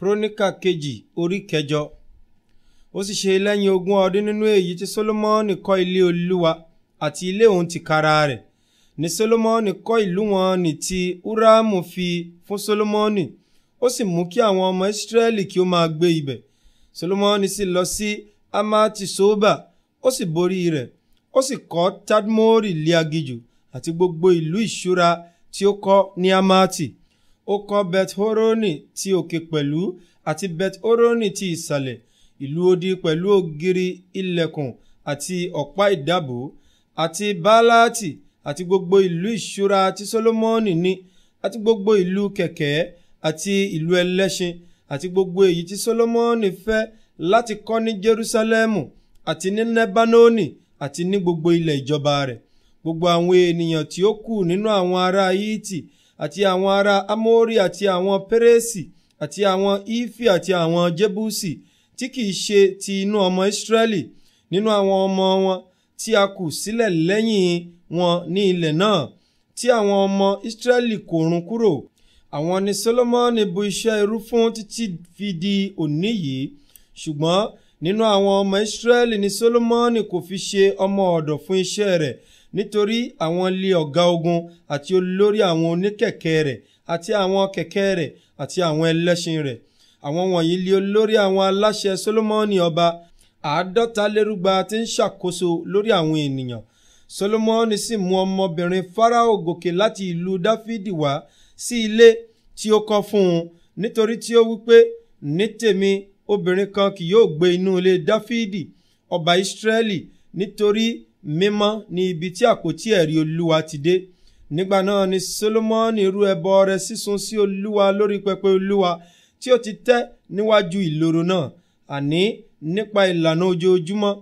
kúrónìkà kejì orí kẹjọ ó sì ṣe lẹ́yìn ogún ọdún nínú èyí tí solomoni kọ́ ilé olúwa àti ilé òun tìkára rẹ̀ ní solomoni kọ́ ìlú wọn ní ti uramu fi fún solomoni ó sì mú kí àwọn ọmọ israẹli kí ó máa gbé ibẹ̀ solomoni sì lọ sí amati soba ó sì borí rẹ̀ ó sì kọ́ tadmori lé aginjù àti gbogbo ìlú ìṣúra tí ó kọ́ ní amati ó kọ́ beth horoni ti òkè pẹ̀lú àti beth horoni ti ìsàlẹ̀ ìlú odi pẹ̀lú ògiri ilẹ̀kùn àti ọ̀pá ìdábò àti báláàtì àti gbogbo ìlú ìṣúra tí solomoni ní àti gbogbo ìlú kẹ̀kẹ́ àti ìlú ẹlẹ́ṣin àti gbogbo èyí tí solomoni fẹ́ láti kọ́ ní jerusalemu àti ní nebanoni àti ní gbogbo ilẹ̀ ìjọba rẹ̀ gbogbo àwọn ènìyàn tí ó kù nínú àwọn ará yíìtì àti àwọn ará amórí àti àwọn pérésì àti àwọn ífì àti àwọn jébúsì tí kìí ṣe ti inú ọmọ ìsírẹ́lì nínú àwọn ọmọ wọn tí a kù sílẹ̀ lẹ́yìn wọn ní ilẹ̀ náà tí àwọn ọmọ ìsírẹ́lì kò run kúrò àwọn ni solomoni bu iṣẹ́ irú fún títí fi di òní yìí ṣùgbọ́n nínú àwọn ọmọ ìsírẹ́lì ni solomoni kò fi ṣe ọmọ ọ̀dọ̀ fún iṣẹ́ rẹ̀ nítorí àwọn ilé ọ̀gá ogun àti olórí àwọn oníkẹ̀kẹ́ rẹ̀ àti àwọn kẹ̀kẹ́ rẹ̀ àti àwọn ẹlẹ́ṣin rẹ̀ àwọn wọ̀nyí lé olórí àwọn aláṣẹ Sólómọ́nì ọba àádọ́ta lérúgba tí ń ṣàkóso lórí àwọn ènìyàn Sólómọ́nì sì mú ọmọbìnrin Fáráò gòkè láti ìlú Dáfídì wá sí ilé tí ó kọ́ fún un nítorí tí ó wípé ní tèmi obìnrin kan kì yóò gbé inú ilé Dáfídì ọba Ísírẹ́lì nítorí mímọ́ ni ibi tí àpótí ẹ̀rí olúwa ti dé nígbà náà ni solomoni rú ẹbọ rẹ̀ sísun sí olúwa lórí pẹpẹ olúwa tí ó ti tẹ́ níwájú ìloro náà àní nípa ìlànà ojoojúmọ́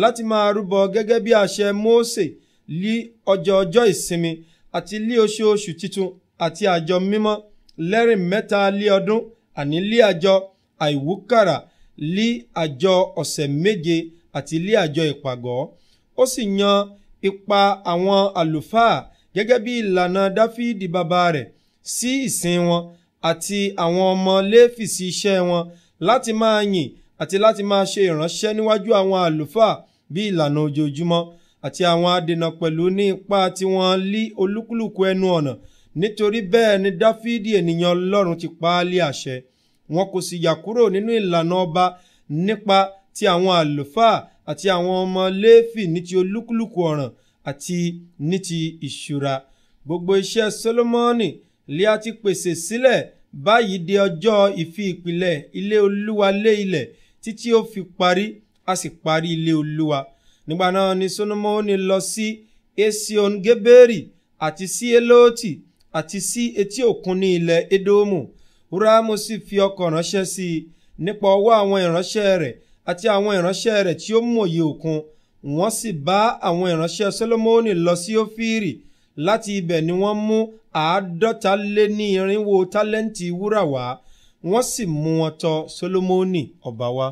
láti máa rúbọ gẹ́gẹ́ bí àṣẹ mósè lí ọjọ́ ọjọ́ ìsinmi àti lí oṣooṣù titun àti àjọ mímọ́ lẹ́rìn mẹ́ta lé ọdún àní lé àjọ àìwúkàrà lí àjọ ọ̀sẹ̀ méje àti lé àjọ ìpàgọ́ ó sì yan ipa àwọn àlùfáà gẹ́gẹ́ bí ìlànà dáfídì bàbá rẹ̀ sí ìsìn wọn àti àwọn ọmọ léfì sí iṣẹ́ wọn láti máa yìn àti láti máa ṣe ìránṣẹ́ níwájú àwọn àlùfáà bí ìlànà ojoojúmọ́ àti àwọn adènà pẹ̀lú ní ipa tí wọ́n lí olúkúlùkù ẹnu ọ̀nà nítorí bẹ́ẹ̀ ni dáfídì ènìyàn ọlọ́run ti pa á lé àṣẹ wọn kò sì yà kúrò nínú ìlànà ọba nípa ti àwọn àlùfáà àti àwọn ọmọ léfì ní ti olúkúlùkù ọ̀ràn àti ní ti ìṣúra gbogbo iṣẹ́ solomoni lè a ti pèsè sílẹ̀ báyìí di ọjọ́ ìfi ìpìlẹ̀ ilé olúwa lé ilẹ̀ títí ó fi parí a sì parí ilé olúwa nígbà náà ni solomoni lọ sí esion geberi àti sí eloti àti sí etí òkun ní ilẹ̀ edomu huramu sì fi ọkọ̀ ránṣẹ́ sí i nípa ọwọ́ àwọn ìránṣẹ́ rẹ̀ àti àwọn ìránṣẹ́ rẹ̀ tí ó mòye òkun wọ́n sì bá àwọn ìránṣẹ́ Sólómọ́nì lọ sí Ófírì láti ibẹ̀ ni wọ́n mú àádọ́ta lé ní irinwó tálẹ́ǹtì wúrà wá wọ́n sì mú wọn tọ̀ Sólómọ́nì ọba wá.